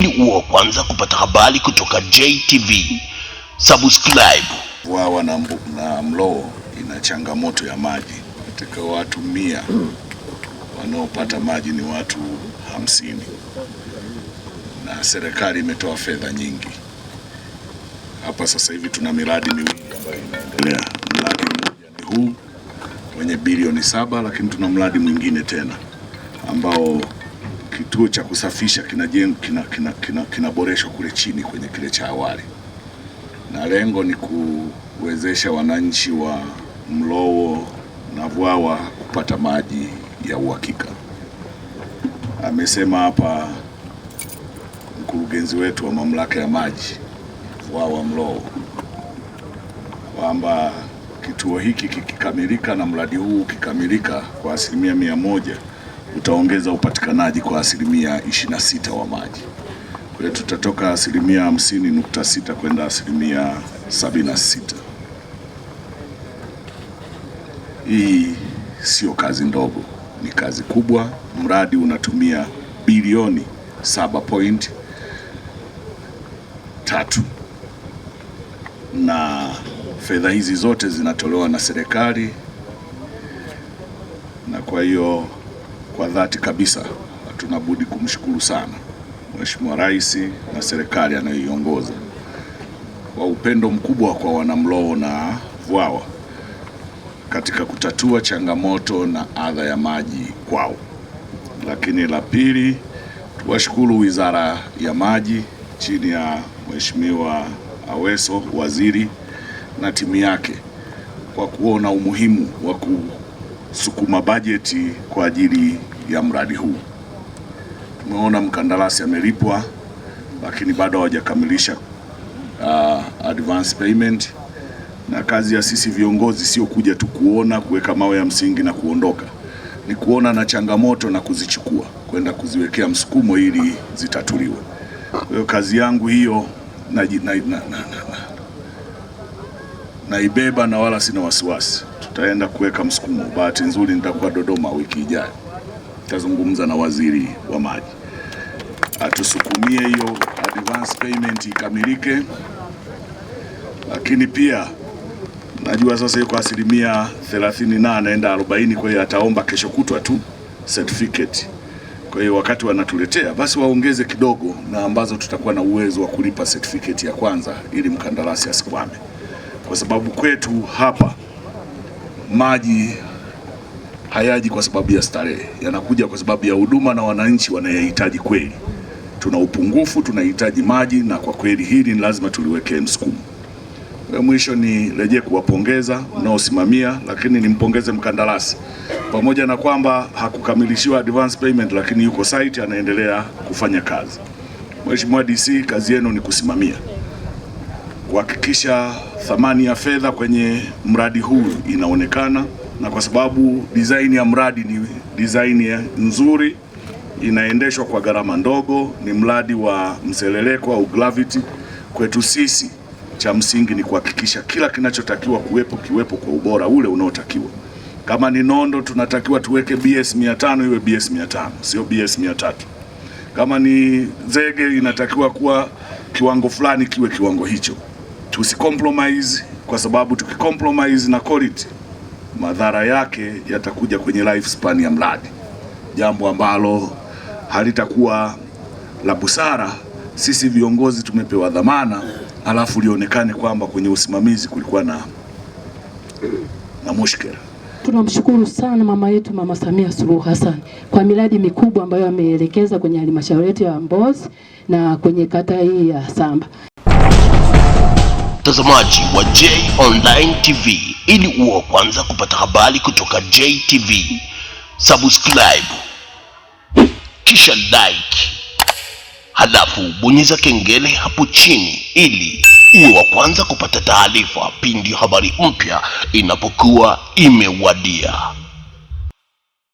ili uwe wa kwanza kupata habari kutoka JTV. Subscribe. Bwawa na, na Mlowo ina changamoto ya maji. Katika watu mia wanaopata maji ni watu hamsini, na serikali imetoa fedha nyingi hapa. Sasa hivi tuna miradi miwili ambayo inaendelea. Mradi mmoja ni huu wenye bilioni saba, lakini tuna mradi mwingine tena ambao kituo cha kusafisha kinajengwa kinaboreshwa kina, kina, kina kule chini kwenye kile cha awali, na lengo ni kuwezesha wananchi wa Mlowo na Vwawa kupata maji ya uhakika. Amesema hapa mkurugenzi wetu wa mamlaka ya maji Vwawa Mlowo kwamba kituo hiki kikikamilika na mradi huu ukikamilika kwa asilimia mia moja utaongeza upatikanaji kwa asilimia 26 wa maji. Kwa hiyo tutatoka asilimia 50.6 kwenda asilimia 76. Hii sio kazi ndogo, ni kazi kubwa. Mradi unatumia bilioni 7.3 na fedha hizi zote zinatolewa na serikali, na kwa hiyo kwa dhati kabisa tunabudi kumshukuru sana Mheshimiwa Rais na serikali anayoiongoza kwa upendo mkubwa kwa wanamloo na Vwawa katika kutatua changamoto na adha ya maji kwao. Lakini la pili, tuwashukuru Wizara ya Maji chini ya Mheshimiwa Aweso waziri na timu yake kwa kuona umuhimu wa sukuma bajeti kwa ajili ya mradi huu. Tumeona mkandarasi amelipwa, lakini bado hawajakamilisha uh, advance payment, na kazi ya sisi viongozi sio kuja tu kuona, kuweka mawe ya msingi na kuondoka, ni kuona na changamoto na kuzichukua kwenda kuziwekea msukumo ili zitatuliwe. Kwa hiyo kazi yangu hiyo na, na, na, na, na naibeba na wala sina wasiwasi. Tutaenda kuweka msukumo. Bahati nzuri nitakuwa Dodoma wiki ijayo, nitazungumza na waziri wa maji atusukumie hiyo advance payment ikamilike, lakini pia najua sasa yuko asilimia 38 naenda 40, kwa hiyo ataomba kesho kutwa tu certificate. Kwa hiyo wakati wanatuletea basi waongeze kidogo, na ambazo tutakuwa na uwezo wa kulipa certificate ya kwanza ili mkandarasi asikwame kwa sababu kwetu hapa maji hayaji kwa sababu ya starehe, yanakuja kwa sababu ya huduma na wananchi wanayohitaji kweli. Tuna upungufu, tunahitaji maji, na kwa kweli hili ni lazima tuliwekee msukumo. Mwisho nirejee kuwapongeza mnaosimamia, lakini nimpongeze mkandarasi, pamoja na kwamba hakukamilishiwa advance payment, lakini yuko site anaendelea kufanya kazi. Mheshimiwa DC, kazi yenu ni kusimamia kuhakikisha thamani ya fedha kwenye mradi huu inaonekana, na kwa sababu design ya mradi ni design nzuri, inaendeshwa kwa gharama ndogo, ni mradi wa mseleleko au gravity. Kwetu sisi cha msingi ni kuhakikisha kila kinachotakiwa kuwepo kiwepo kwa ubora ule unaotakiwa. Kama ni nondo, tunatakiwa tuweke BS 500 iwe BS 500, sio BS 300. Kama ni zege, inatakiwa kuwa kiwango fulani, kiwe kiwango hicho. Tusicompromise kwa sababu tukicompromise na quality, madhara yake yatakuja kwenye lifespan ya mradi, jambo ambalo halitakuwa la busara. Sisi viongozi tumepewa dhamana, alafu lionekane kwamba kwenye usimamizi kulikuwa na, na mushkila. Tunamshukuru sana mama yetu Mama Samia Suluhu Hassan kwa miradi mikubwa ambayo ameelekeza kwenye halmashauri yetu ya Mbozi na kwenye kata hii ya Samba mtazamaji wa J Online TV, ili uwe wa kwanza kupata habari kutoka JTV, subscribe kisha like, halafu bonyeza kengele hapo chini ili uwe wa kwanza kupata taarifa pindi habari mpya inapokuwa imewadia.